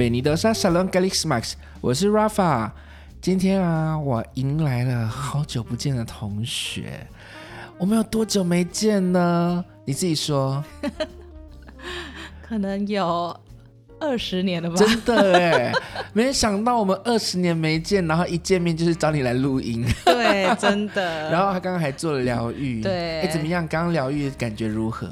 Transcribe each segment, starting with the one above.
美尼德莎沙龍 karisMax，我是 Rafa。今天啊，我迎來了好久不見的同學。我們有多久沒見呢？你自己說。 可能有二十年了吧？真的哎， 沒想到我們二十年沒見，然後一見面就是找你來錄音。 對，真的。 然後他剛剛還做了療癒。對。哎，怎麼樣？剛剛療癒的感覺如何？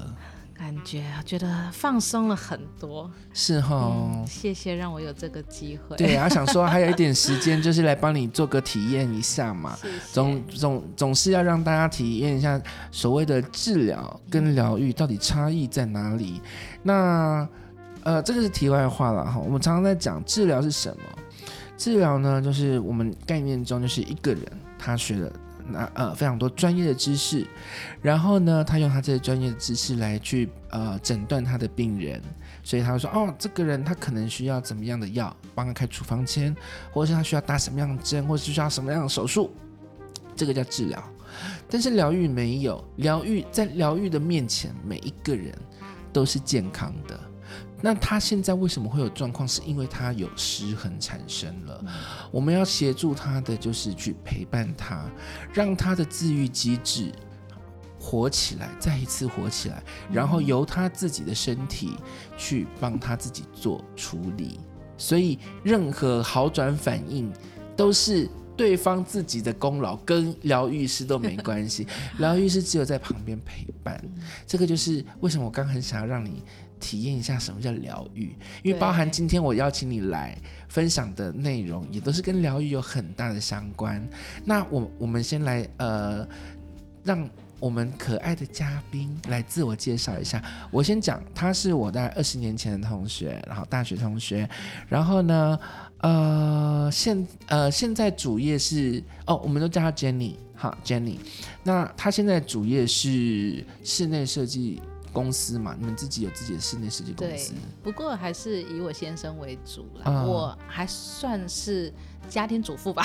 覺得覺得放鬆了很多，是哈、嗯，謝謝讓我有這個機會。對啊， 想說還有一點時間，就是來幫你做個體驗一下嘛。謝謝。總總總是要讓大家體驗一下所謂的治療跟療癒到底差異在哪裡。嗯、那呃，這個是題外話了哈。我們常常在講治療是什麼？治療呢，就是我們概念中就是一個人他學的。那呃，非常多專業的知識，然後呢，他用他這些專業的知識來去呃診斷他的病人，所以他就說，哦，這個人他可能需要怎麼樣的藥，幫他開處方箋，或是他需要打什麼樣的針，或是需要什麼樣的手術，這個叫治療，但是療癒沒有，療癒，在療癒的面前，每一個人都是健康的。那他現在為什麼會有狀況？是因為他有失衡產生了。我們要協助他的，就是去陪伴他，讓他的自癒機制活起來，再一次活起來，然後由他自己的身體去幫他自己做處理。所以任何好轉反應都是對方自己的功勞，跟療癒師都沒關係。療癒師只有在旁邊陪伴。這個就是為什麼我剛很想要讓你。體驗一下什麼叫療癒，因為包含今天我邀請你來分享的內容，也都是跟療癒有很大的相關。那我我們先來呃，讓我們可愛的嘉賓來自我介紹一下。我先講，他是我在二十年前的同學，然後大學同學，然後呢呃現呃現在主業是哦，我們都叫他 Jennie，好 Jennie，那他現在主業是室內設計。公司嘛，你們自己有自己的室內設計公司。對，不過還是以我先生為主啦，嗯、我還算是，家庭主婦吧？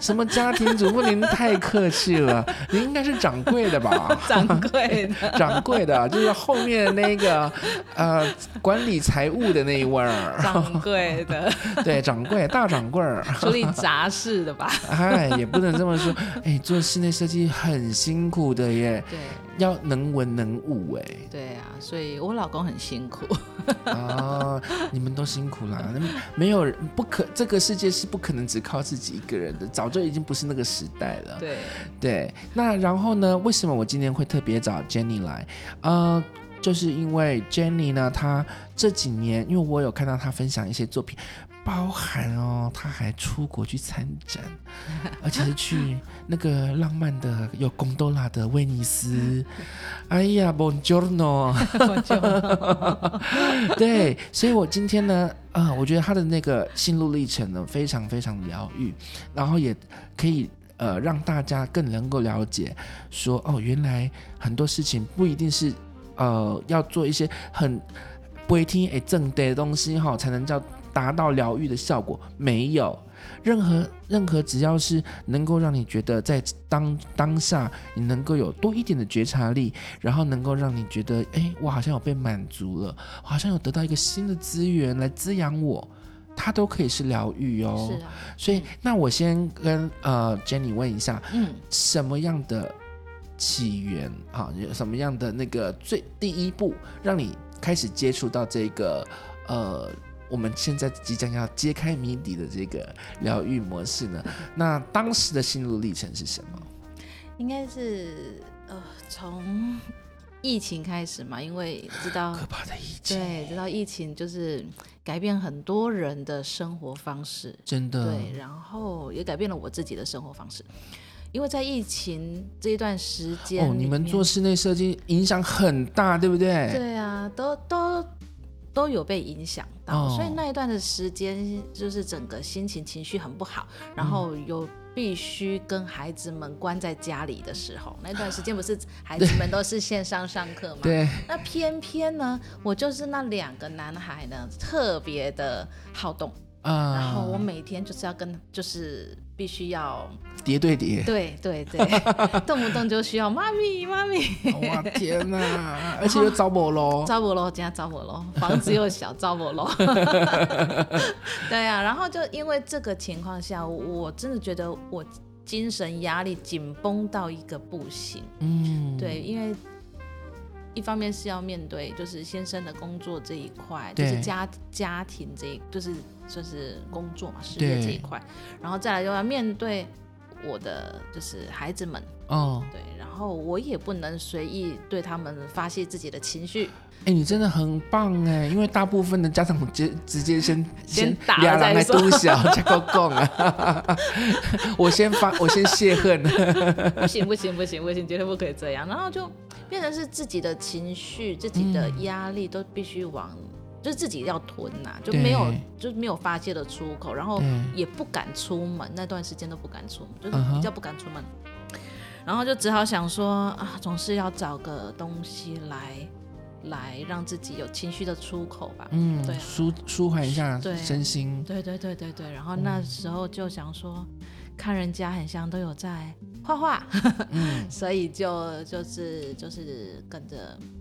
什麼家庭主婦？ 您太客氣了，您應該是掌櫃的吧？掌櫃的， 掌櫃的 掌櫃的，就是後面那個呃，管理財務的那一位兒。掌櫃的， 對，掌櫃大掌櫃兒。處理 雜事的吧？哎， 也不能這麼說，哎，做室內設計很辛苦的耶。對，要能文能武哎。對啊，所以我老公很辛苦。 啊，你們都辛苦了， 沒有，不可，這個世界是不可能只。靠自己一個人的，早就已經不是那個時代了。對對，那然後呢？為什麼我今天會特別找 Jennie 來？呃，就是因為 Jennie 呢，她這幾年，因為我有看到她分享一些作品。包含哦，他還出國去參展，而且是去那個浪漫的有貢多拉的威尼斯。 哎呀，Buongiorno！對，所以我今天呢，啊、呃，我覺得他的那個心路歷程呢，非常非常療癒，然後也可以呃讓大家更能夠了解說，說哦，原來很多事情不一定是呃要做一些很不一定誒正對的東西哈、哦，才能叫。達到療癒的效果，沒有任何任何，只要是能夠讓你覺得在當當下你能夠有多一點的覺察力，然後能夠讓你覺得，哎，我好像有被滿足了，我好像有得到一個新的資源來滋養我，它都可以是療癒哦。所以、嗯，那我先跟呃 Jennie 問一下，嗯，什麼樣的起源啊？有什麼樣的那個最第一步，讓你開始接觸到這個呃？我們現在即將要揭開謎底的這個療癒模式呢？那當時的心路歷程是什麼？應該是，呃，從疫情開始嘛，因為知道可怕的疫情對，知道疫情就是改變很多人的生活方式，真的對，然後也改變了我自己的生活方式，因為在疫情這一段時間，哦，你們做室內設計影響很大，對不對？對呀，啊，都都。都有被影響到，哦，所以那一段的時間就是整個心情情緒很不好，然後又必須跟孩子們關在家裡的時候，嗯，那段時間不是孩子們都是線上上課嘛？對。那偏偏呢，我就是那兩個男孩呢，特別的好動，嗯，然後我每天就是要跟就是。必須要疊對疊，對對對，對 動不動就需要媽咪媽咪，哇天哪，啊 ！而且又招我嘍，招我嘍，真的招我嘍，房子又小，招我嘍。 對呀，啊，然後就因為這個情況下，我真的覺得我精神壓力緊繃到一個不行。嗯，對，因為。一方面是要面對就是先生的工作這一塊，就是家，家庭這一就是就是工作嘛，事業這一塊，然後再來就要面對我的就是孩子們哦，對，然後我也不能隨意對他們發洩自己的情緒。哎、欸，你真的很棒哎，因為大部分的家長直，直接先，先打再說，先打再說， 我先發，我先洩恨， 不行不行不行不行，絕對不可以這樣，然後就。變成是自己的情緒、自己的壓力都必須往，嗯、就是自己要囤吶、啊，就沒有，就是沒有發泄的出口，然後也不敢出門，那段時間都不敢出門，就是比較不敢出門，嗯、然後就只好想說啊，總是要找個東西來，來讓自己有情緒的出口吧，嗯，對、啊，舒舒緩一下身心對，對對對對對，然後那時候就想說，嗯、看人家很像都有在。畫畫、 嗯，所以就就是就是跟着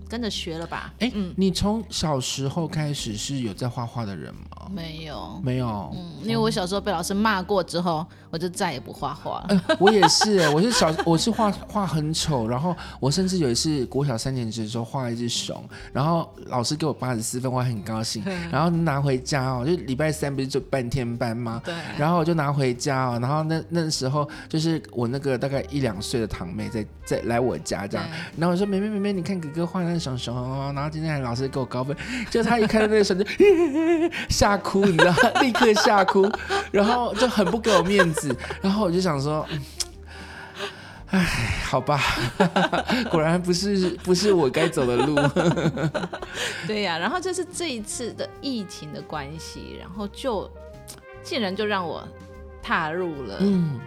跟着學了吧。哎、欸嗯，你從小時候開始是有在畫畫的人嗎？沒有，沒有，嗯，因為我小時候被老師罵過之後、嗯，我就再也不畫畫了、欸。我也是，我是小我是畫畫 很醜，然後我甚至有一次國小三年級的時候畫一隻熊，然後老師給我八十四分，我很高興，然後拿回家哦、喔，就禮拜三不是就半天班嗎？對，然後我就拿回家哦、喔，然後那那時候就是我那個大概。大概一兩歲的堂妹在在來我家這樣，嗯、然後我說：“妹妹、妹妹，你看哥哥畫那熊熊，然後今天還老師給我高分。”就他一看到那個小熊，嚇 哭，你知道嗎？立刻嚇哭， 然後就很不給我面子。 然後我就想說：“哎，好吧， 果然不是不是我該走的路。 ”對呀、啊，然後就是這一次的疫情的關係，然後就竟然就讓我。踏入了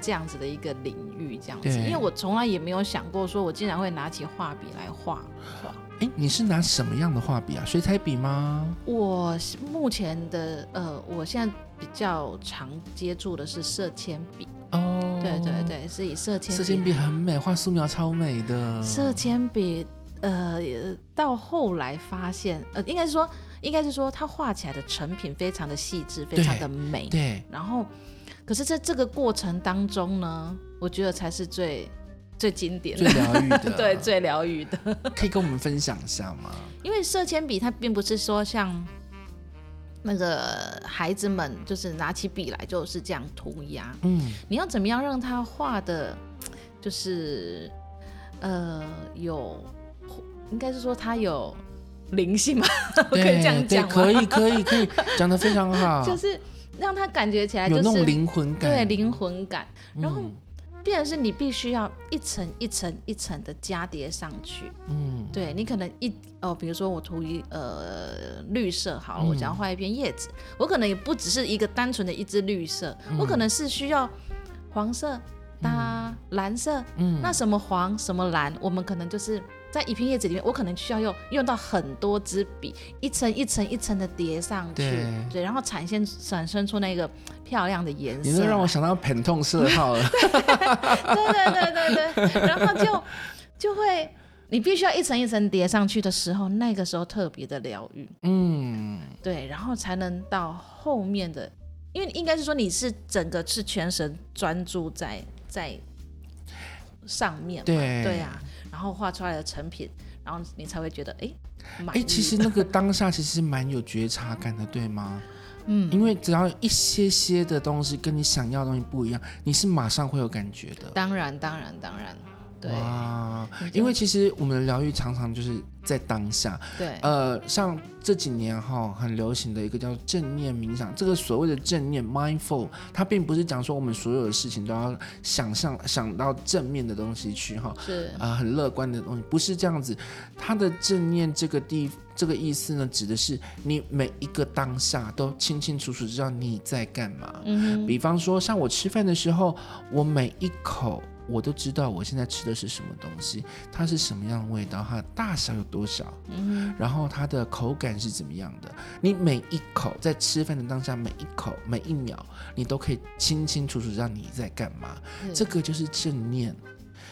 這樣子的一個領域，這樣子，嗯、因為我從來也沒有想過，說我竟然會拿起畫筆來畫畫。哎、欸，你是拿什麼樣的畫筆啊？水彩筆嗎？我目前的呃，我現在比較常接觸的是色鉛筆。哦，對對對，是以色鉛筆，色鉛筆很美，畫素描超美的。色鉛筆呃，到後來發現呃，應該是說，應該是說，它畫起來的成品非常的細緻，非常的美。對，對然後。可是在這個過程當中呢，我覺得才是最最經典的、最療癒的， 對，最療癒的。可以跟我們分享一下嗎？因為色鉛筆它並不是說像那個孩子們就是拿起筆來就是這樣塗鴉。嗯，你要怎麼樣讓他畫的，就是呃，有應該是說他有靈性嗎？ 我可以這樣講，可以，可以，可以，講 得非常好，就是。讓它感覺起來，就是，有那種靈魂感，對，靈魂感。然後，變成是你必須要一層一層一層的加疊上去。嗯，對，你可能一哦，比如說我塗一呃綠色，好，我想要畫一片葉子，嗯，我可能也不只是一個單純的一只綠色，嗯，我可能是需要黃色搭、呃、藍色嗯，嗯，那什麼黃什麼藍，我們可能就是。在一片葉子裡面，我可能需要用用到很多支筆，一層一層一層的疊上去對，對，然後產生產生出那個漂亮的顏色。你說讓我想到 Pantone 色號了。 對,對,對,對對對對對， 然後就就會，你必須要一層一層疊上去的時候，那個時候特別的療癒。嗯，對，然後才能到後面的，因為應該是說你是整個是全神專注在在上面嘛，對呀。對啊然後畫出來的成品，然後你才會覺得，哎，哎，其實那個當下其實蠻有覺察感的，對嗎？嗯，因為只要一些些的東西跟你想要的東西不一樣，你是馬上會有感覺的。當然，當然，當然，對。哇，因為其實我們的療癒常常就是。在當下，對，呃，像這幾年哈很流行的一個叫正念冥想，這個所謂的正念 mindful，它並不是講說我們所有的事情都要想象想到正面的東西去哈，是啊，呃，很樂觀的東西，不是這樣子。它的正念這個地這個意思呢，指的是你每一個當下都清清楚楚知道你在幹嘛，嗯嗯。比方說像我吃飯的時候，我每一口。我都知道我現在吃的是什麼東西，它是什麼樣的味道，它的大小有多少，嗯，然後它的口感是怎麼樣的。你每一口在吃飯的當下，每一口每一秒，你都可以清清楚楚讓你在幹嘛。嗯、這個就是正念，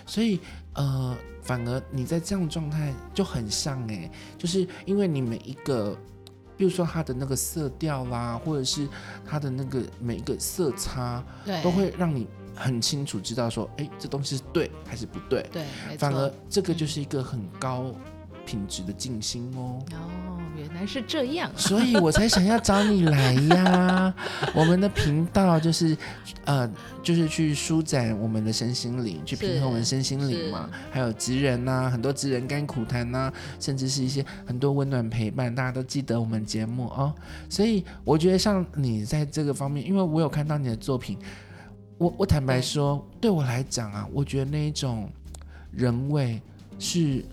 所以呃，反而你在這樣狀態就很像哎、欸，就是因為你每一個，比如說它的那個色調啦，或者是它的那個每一個色差，都會讓你。很清楚知道說，哎、欸，這東西是對還是不對？對，反而這個就是一個很高品質的靜心哦。哦，原來是這樣，所以我才想要找你來呀。 我們的頻道就是，呃，就是去舒展我們的身心靈，去平衡我們身心靈嘛。還有職人吶、啊，很多職人甘苦談吶、啊，甚至是一些很多溫暖陪伴，大家都記得我們節目哦。所以我覺得像你在這個方面，因為我有看到你的作品。我我坦白說對，對我來講啊，我覺得那一種人味是，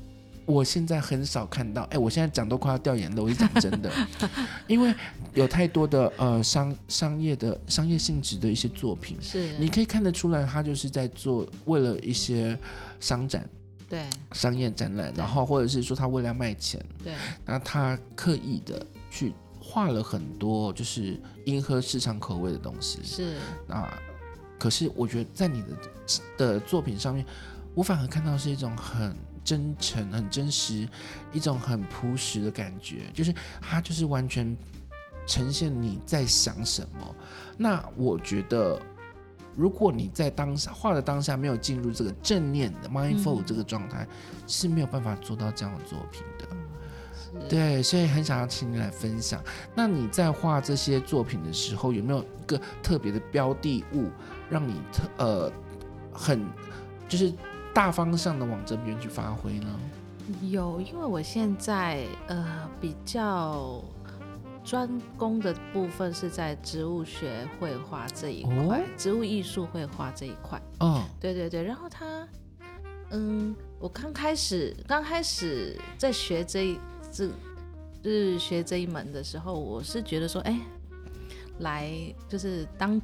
我現在很少看到。哎，我現在講都快要掉眼淚，我是講真的， 因為有太多的呃商商業的商業性質的一些作品，是你可以看得出來，他就是在做為了一些商展，對商業展覽，然後或者是說他為了要賣錢，對，那他刻意的去畫了很多就是迎合市場口味的東西，是啊。可是，我覺得在你的的作品上面，我反而看到是一種很真誠、很真實、一種很樸實的感覺，就是它就是完全呈現你在想什麼。那我覺得，如果你在當下畫的當下沒有進入這個正念的 mindful 這個狀態，嗯、是沒有辦法做到這樣的作品的。對，所以很想要請你來分享。那你在畫這些作品的時候，有沒有一個特別的標的物，讓你特呃很就是大方向的往這邊去發揮呢？有，因為我現在呃比較專攻的部分是在植物學繪畫這一塊，哦、植物藝術繪畫這一塊。哦，對對對。然後他嗯，我剛開始剛開始在學這一。就是學這一門的時候，我是覺得說，哎、欸，來就是當，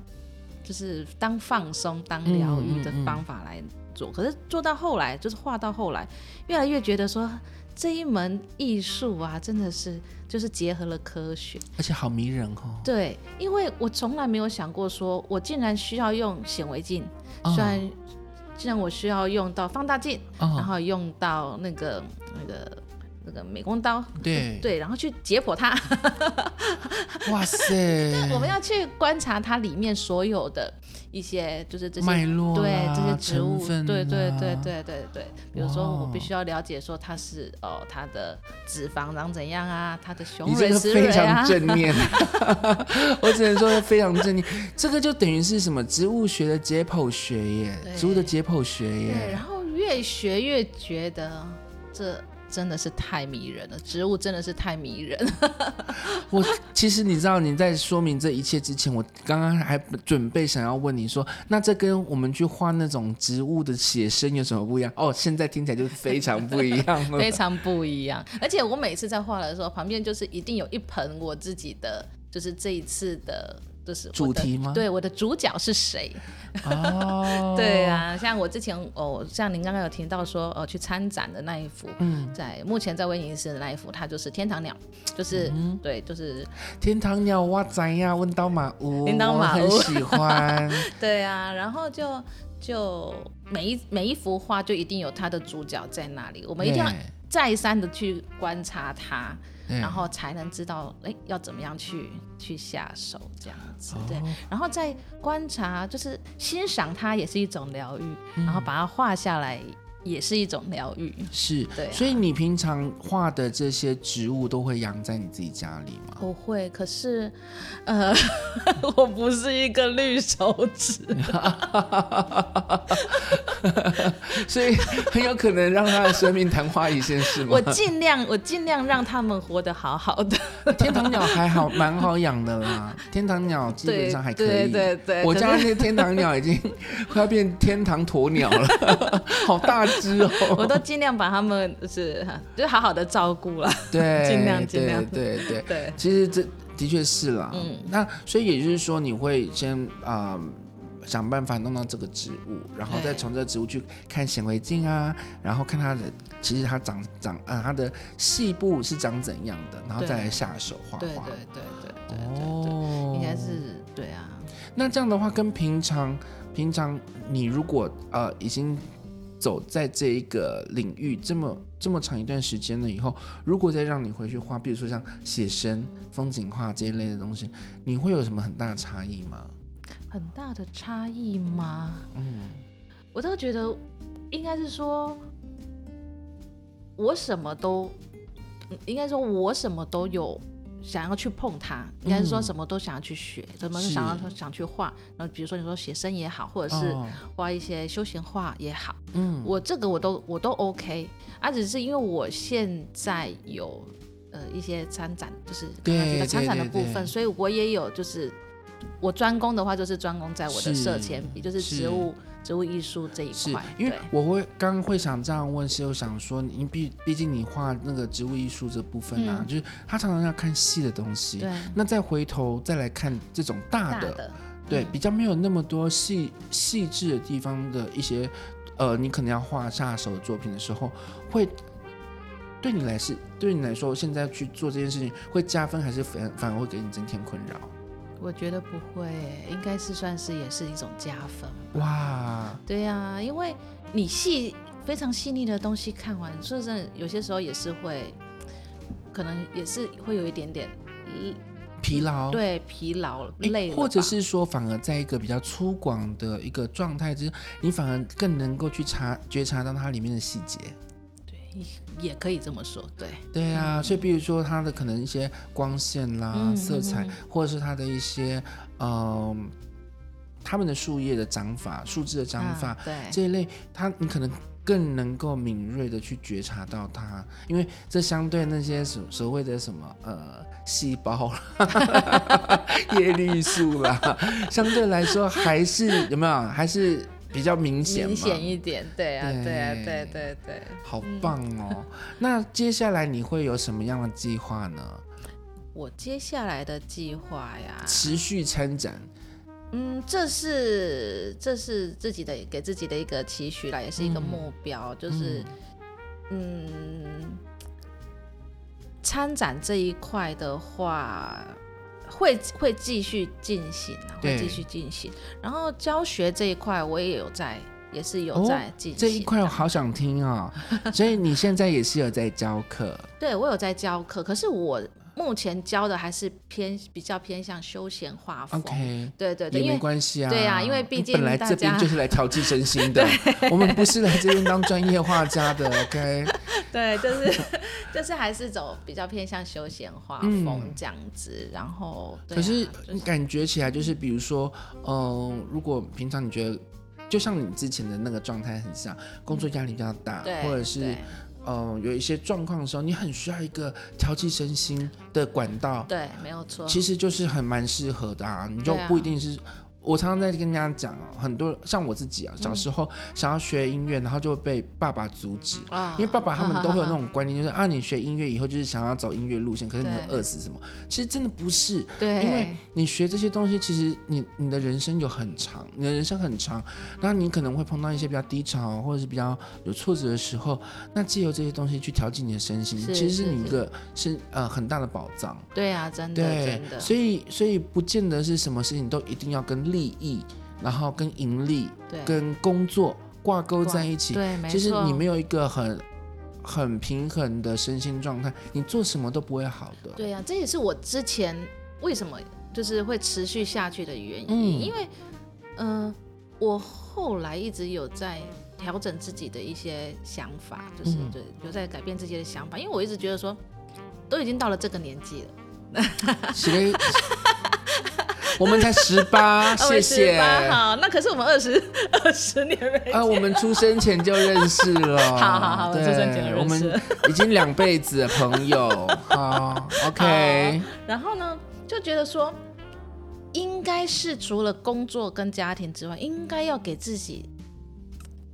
就是當放鬆、當療癒的方法來做、嗯嗯嗯。可是做到後來，就是畫到後來，越來越覺得說，這一門藝術啊，真的是就是結合了科學，而且好迷人哦。對，因為我從來沒有想過說，說我竟然需要用顯微鏡、哦，雖然，既然我需要用到放大鏡、哦，然後用到那個那個。這個美工刀，對對，對，然後去解剖它。 哇塞！ 那我們要去觀察它裡面所有的一些，就是這些脈絡啊，對，這些植物，啊、對對對對對對，比如說，我必須要了解說它是哦，它的脂肪長怎樣啊，它的雄蕊，蕊、啊、雌蕊，你這個非常正面， 我只能說非常正面。 這個就等於是什麼植物學的解剖學業，植物的解剖學業。對，然後越學越覺得這。真的是太迷人了，植物真的是太迷人了。 我其實你知道，你在說明這一切之前，我剛剛還準備想要問你說，那這跟我們去畫那種植物的寫生有什麼不一樣？哦，現在聽起來就非常不一樣了 非常不一樣。而且我每次在畫的時候，旁邊就是一定有一盆我自己的，就是這一次的。就是、主題嗎？對，我的主角是誰？哦， 對啊，像我之前哦，像您剛剛有提到說哦、呃，去參展的那一幅，嗯，在目前在威尼斯的那一幅，它就是天堂鳥，就是，嗯、對，就是天堂鳥哇，仔呀，問刀馬屋，叮當馬屋，我很喜歡。 對啊，然後就就每一每一幅畫就一定有它的主角在那裡，我們一定要、欸、再三的去觀察它。嗯、然後才能知道，哎、欸，要怎麼樣去去下手這樣子，哦，對。然後再觀察，就是欣賞它也是一種療癒，嗯，然後把它畫下來。也是一種療癒，是，對啊。所以你平常畫的這些植物都會養在你自己家裡嗎？不會，可是，呃， 我不是一個綠手指啊， 所以很有可能讓他的生命曇花一現，是嗎？ 我盡量，我盡量讓他們活得好好的。 天堂鳥還好，蠻好養的啦。天堂鳥基本上還可以。對對對，我家那些天堂鳥已經快要變天堂鴕鳥了， 好大只哦、喔！我都盡量把它們是就好好的照顧了。對，盡量盡量。對對對，對其實這的確是啦。嗯，那所以也就是說，你會先啊，呃想辦法弄到這個植物，然後再從這個植物去看顯微鏡啊，然後看它的，其實它長長啊、呃，它的細部是長怎樣的，然後再來下手畫畫。對對對對對對，對，對，應該是對啊。那這樣的話，跟平常平常你如果呃已經走在這一個領域這麼這麼長一段時間了以後，如果再讓你回去畫，比如說像寫生、風景畫這一類的東西，你會有什麼很大的差異嗎？很大的差異嗎？嗯，我都覺得應該是說，我什麼都，應該說我什麼都有想要去碰它，應該是說什麼都想要去學，嗯、什麼想要想去畫，然後比如說你說寫生也好，或者是畫一些休閒畫也好，嗯、哦，我這個我都我都 OK、嗯、啊，只是因為我現在有呃一些參展，就是對，參展的部分，所以我也有就是。我專攻的話，就是專攻在我的色鉛筆也就是植物是植物藝術這一塊。因為我會剛剛會想這樣問是，是我想說，你畢畢竟你畫那個植物藝術這部分啊、嗯，就是他常常要看細的東西。那再回頭再來看這種大的，大的對、嗯、比較沒有那麼多細細緻的地方的一些，呃，你可能要畫下手的作品的時候，會對你來說，對你來說，現在去做這件事情會加分，還是反反而會給你增添困擾？我覺得不會，應該是算是也是一種加分哇。對呀、啊，因為你細非常細膩的東西看完，說真的，有些時候也是會，可能也是會有一點點，疲勞。對，疲勞累、欸。或者是說，反而在一個比較粗獷的一個狀態之中，你反而更能夠去察覺察到它裡面的細節。對。也可以這麼說，對。對啊、嗯。所以比如說它的可能一些光線啦、嗯、色彩、嗯嗯，或者是它的一些嗯、呃，它們的樹葉的長法、樹枝的長法，啊、對這一類，它你可能更能夠敏銳的去覺察到它，因為這相對那些所所謂的什麼呃細胞、葉 綠 素啦，相對來說還是 有沒有還是？比較明顯，明顯一點，對啊，對啊，對，對對對，好棒哦！ 那接下來你會有什麼樣的計劃呢？我接下來的計劃呀，持續參展，嗯，這是這是自己的給自己的一個期許啦，也是一個目標，嗯、就是嗯，嗯、參展這一塊的話。會會繼續進行，會繼續進行，然後教學這一塊我也有在，也是有在進行。哦，這一塊我好想聽哦， 所以你現在也是有在教課？ 對，我有在教課，可是我。目前教的還是偏比較偏向休閒畫風，okay, 對,對對，也因為沒關係啊，對呀、啊，因為畢竟本來大家這邊就是來調劑身心的， 我們不是來這邊當專業畫家的 ，OK？對，就是就是還是走比較偏向休閒畫風這樣子，嗯、然後對、啊、可是感覺起來就是，比如說，嗯、呃，如果平常你覺得就像你之前的那個狀態很像，工作壓力比較大，或者是。呃、嗯，有一些狀況的時候，你很需要一個調劑身心的管道。對，沒有錯。其實就是很蠻適合的啊，你就不一定是。我常常在跟人家講哦、喔，很多像我自己啊，小時候想要學音樂，然後就會被爸爸阻止、嗯，因為爸爸他們都會有那種觀念，啊、哈哈哈哈就是啊，你學音樂以後就是想要走音樂路線，可是你會餓死什麼？其實真的不是，對，因為你學這些東西，其實你你的人生有很長，你的人生很長，那、嗯、你可能會碰到一些比較低潮，或者是比較有挫折的時候，那借由這些東西去調劑你的身心，其實是你一個是，是，是，是呃很大的寶藏。對啊，真的，對，所以所以不見得是什麼事情都一定要跟另。利益，然後跟盈利、對，跟工作掛鈎在一起。對，沒錯。其、就、實、是、你沒有一個很很平衡的身心狀態，你做什麼都不會好的。對啊，這也是我之前為什麼就是會持續下去的原因。嗯、因為嗯、呃，我後來一直有在調整自己的一些想法，就是對，有、嗯、在改變自己的想法。因為我一直覺得說，都已經到了這個年紀了。哈 我們才十八，謝謝。28，好，那可是我們二十二十年沒見啊，我們出生前就認識了。 好，好，好，對好好好，我們，我們已經兩輩子 朋友。好，OK。Okay. Uh, 然後呢，就覺得說，應該是除了工作跟家庭之外，應該要給自己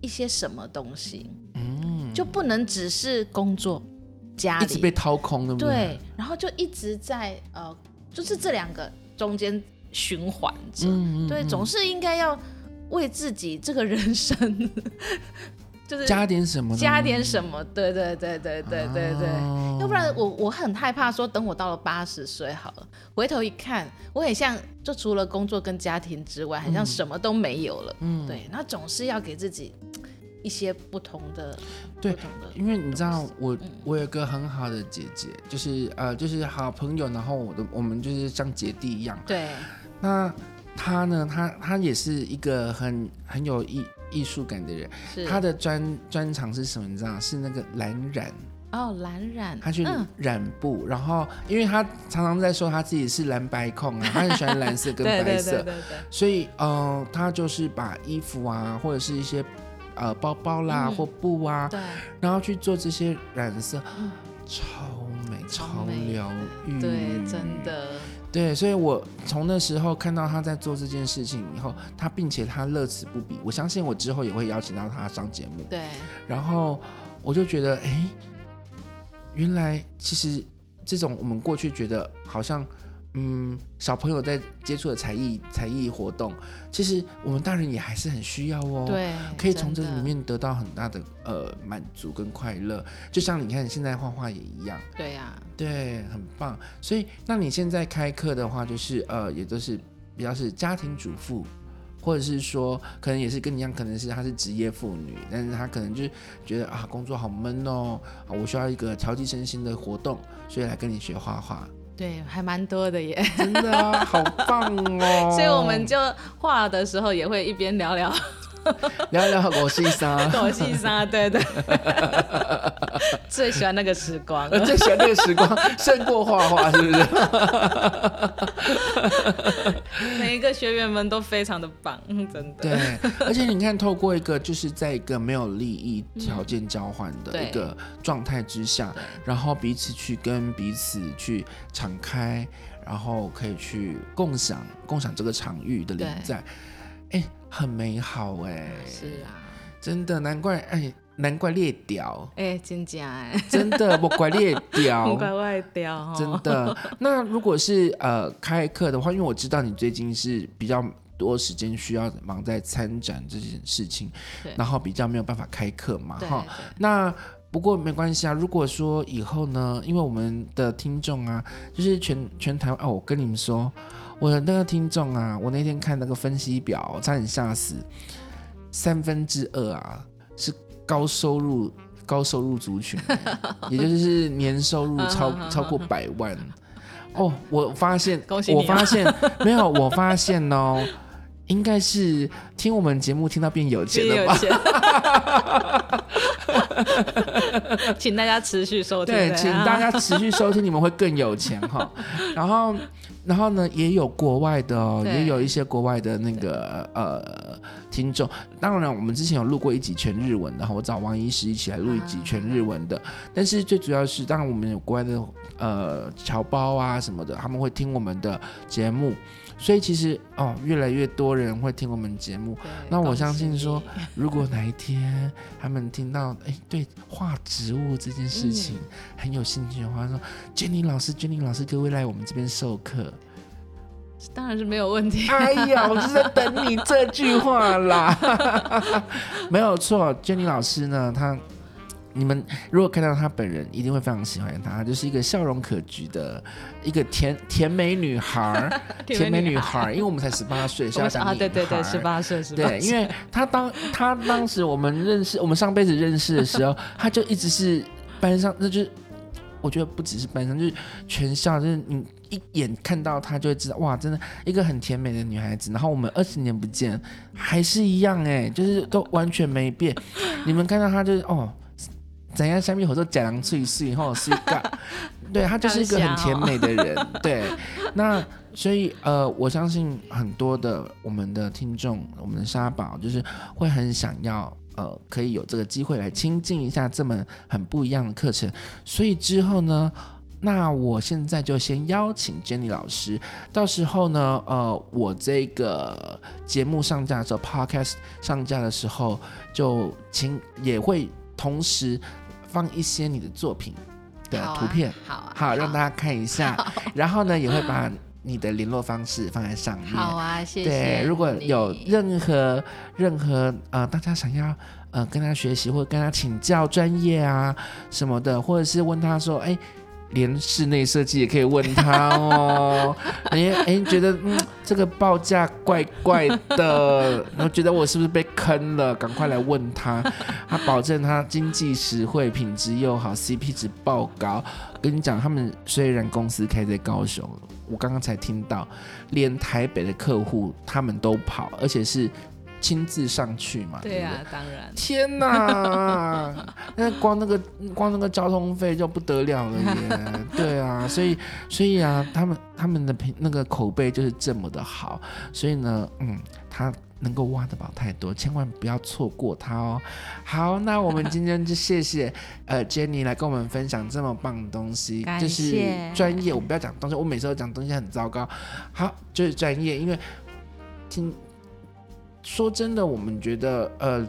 一些什麼東西。嗯、mm.，就不能只是工作，家裡一直被掏空了。對，然後就一直在呃，就是這兩個中間。循環着、嗯，對，總是應該要為自己這個人生，嗯、 就是加點什麼，加點什麼，對對對對對對對，對、哦，要不然我我很害怕說，等我到了八十歲好了，回頭一看，我很像就除了工作跟家庭之外，很像什麼都沒有了。嗯，對，嗯、那總是要給自己一些不同的，對、不同的因為你知道我，我、嗯、我有個很好的姐姐，就是呃，就是好朋友，然後我的我們就是像姐弟一樣，對。那他呢？他他也是一個很很有藝藝術感的人。是他的專專長是什麼？你知道？是那個藍染哦，藍染。他去染布，嗯、然後因為他常常在說他自己是藍白控啊， 他很喜歡藍色跟白色，對對對對對對，所以哦、呃，他就是把衣服啊，或者是一些呃包包啦、嗯、或布啊，對，然後去做這些染色，嗯、超美，超療癒、嗯，對，真的。對，所以我從那時候看到他在做這件事情以後，他並且他樂此不疲。我相信我之後也會邀請到他上節目。對，然後我就覺得，哎，原來其實這種我們過去覺得好像。嗯，小朋友在接觸的才藝才藝活動，其實我們大人也還是很需要哦。對，可以從這裡面得到很大的，的呃滿足跟快樂。就像你看你現在畫畫也一樣。對呀、啊，對，很棒。所以，那你現在開課的話，就是呃，也都是比較是家庭主婦，或者是說可能也是跟你一樣，可能是她是職業婦女，但是她可能就是覺得啊工作好悶哦、啊，我需要一個調劑身心的活動，所以來跟你學畫畫。對，還蠻多的耶， 真的啊，好棒哦、啊！ 所以我們就畫的時候也會一邊聊聊，聊聊狗戲沙，狗戲沙，對對。對對對對 最喜，最喜歡那個時光，最喜歡那個時光，勝過畫畫，是不是？ 每一個學員們都非常的棒，真的。對，而且你看，透過一個就是在一個沒有利益條件交換的一個狀態之下，嗯、然後彼此去跟彼此去敞開，然後可以去共享共享這個場域的臨在，哎，很美好哎。是啊，真的，難怪哎。難怪列屌！哎，真假哎，真的莫怪列屌，莫怪外屌，真的。那如果是呃開課的話，因為我知道你最近是比較多時間需要忙在參展這件事情，然後比較沒有辦法開課嘛，哈。那不過沒關係啊。如果說以後呢，因為我們的聽眾啊，就是全全台灣哦，我跟你們說，我的那個聽眾啊，我那天看那個分析表，我差點嚇死，三分之二啊是。高收入、高收入族群、欸， 也就是年收入超 超過百萬 哦。我發現，啊、我發現沒有，我發現哦，應該是聽我們節目聽到變有錢了吧？ 請大家持續收聽，對， 對，請大家持續收聽， 你們會更有錢哈、哦。然後，然後呢，也有國外的、哦、也有一些國外的那個呃。聽眾，當然，我們之前有錄過一集全日文的，然後我找王醫師一起來錄一集全日文的。啊、但是最主要是，當然我們有國外的呃僑胞啊什麼的，他們會聽我們的節目，所以其實哦，越來越多人會聽我們的節目。那我相信說，如果哪一天他們聽到哎、欸，對畫植物這件事情、嗯、很有興趣的話，說 Jennie 老師，Jennie 老師，各位來我們這邊授課。當然是沒有問題啊。哎呀，我是在等你這句話啦。 沒有錯，Jennie 老師呢，她你們如果看到她本人，一定會非常喜歡她，她就是一個笑容可掬的一個甜甜美， 甜美女孩，甜美女孩。因為我們才十八歲，小八啊，對對對，十八歲是。對，因為她當她當時我們認識， 我們上輩子認識的時候，她就一直是班上，那就我覺得不只是班上，就是全校，就是你。一眼看到她就會知道，哇，真的一個很甜美的女孩子。然後我們二十年不見，還是一樣哎，就是都完全沒變。 你們看到她就是哦，怎樣香噴噴、假娘碎以後是一個， 對，她就是一個很甜美的人。 對，那所以呃，我相信很多的我們的聽眾，我們的沙寶就是會很想要呃，可以有這個機會來親近一下這門很不一樣的課程。所以之後呢？那我現在就先邀請 Jenny 老師。到時候呢，呃，我這個節目上架的時候，Podcast 上架的時候，就請也會同時放一些你的作品的圖片，好啊，好啊，好，好，好讓大家看一下。然後呢，也會把你的聯絡方式放在上面。好啊，謝謝。對，如果有任何任何呃，大家想要呃跟他學習或跟他請教專業啊什麼的，或者是問他說，哎、欸。連室內設計也可以問他哦、 欸，哎、欸、哎，覺得嗯，這個報價怪怪的，然後覺得我是不是被坑了，趕快來問他，他保證他經濟實惠，品質又好，CP 值爆高。跟你講，他們雖然公司開在高雄，我剛剛才聽到，連台北的客戶他們都跑，而且是。親自上去嘛？對呀、啊，當然。天哪！ 那光那個光那個交通費就不得了了耶！ 對啊，所以所以啊，他們他們的品那個口碑就是這麼的好，所以呢，嗯，他能夠挖得寶太多，千萬不要錯過他哦。好，那我們今天就謝謝 呃 Jennie 來跟我們分享這麼棒的東西，就是專業。我不要講東西，我每次都講東西很糟糕。好，就是專業，因為聽。說真的，我們覺得，呃，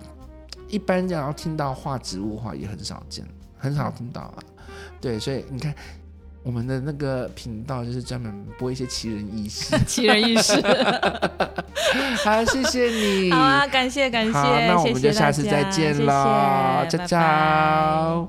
一般人要聽到畫植物畫也很少見，很少聽到啊。對，所以你看，我們的那個頻道就是專門播一些奇人異事。奇人異事。 好，謝謝你。好啊，感謝感謝。好，那我們就下次再見嘍，再見。謝謝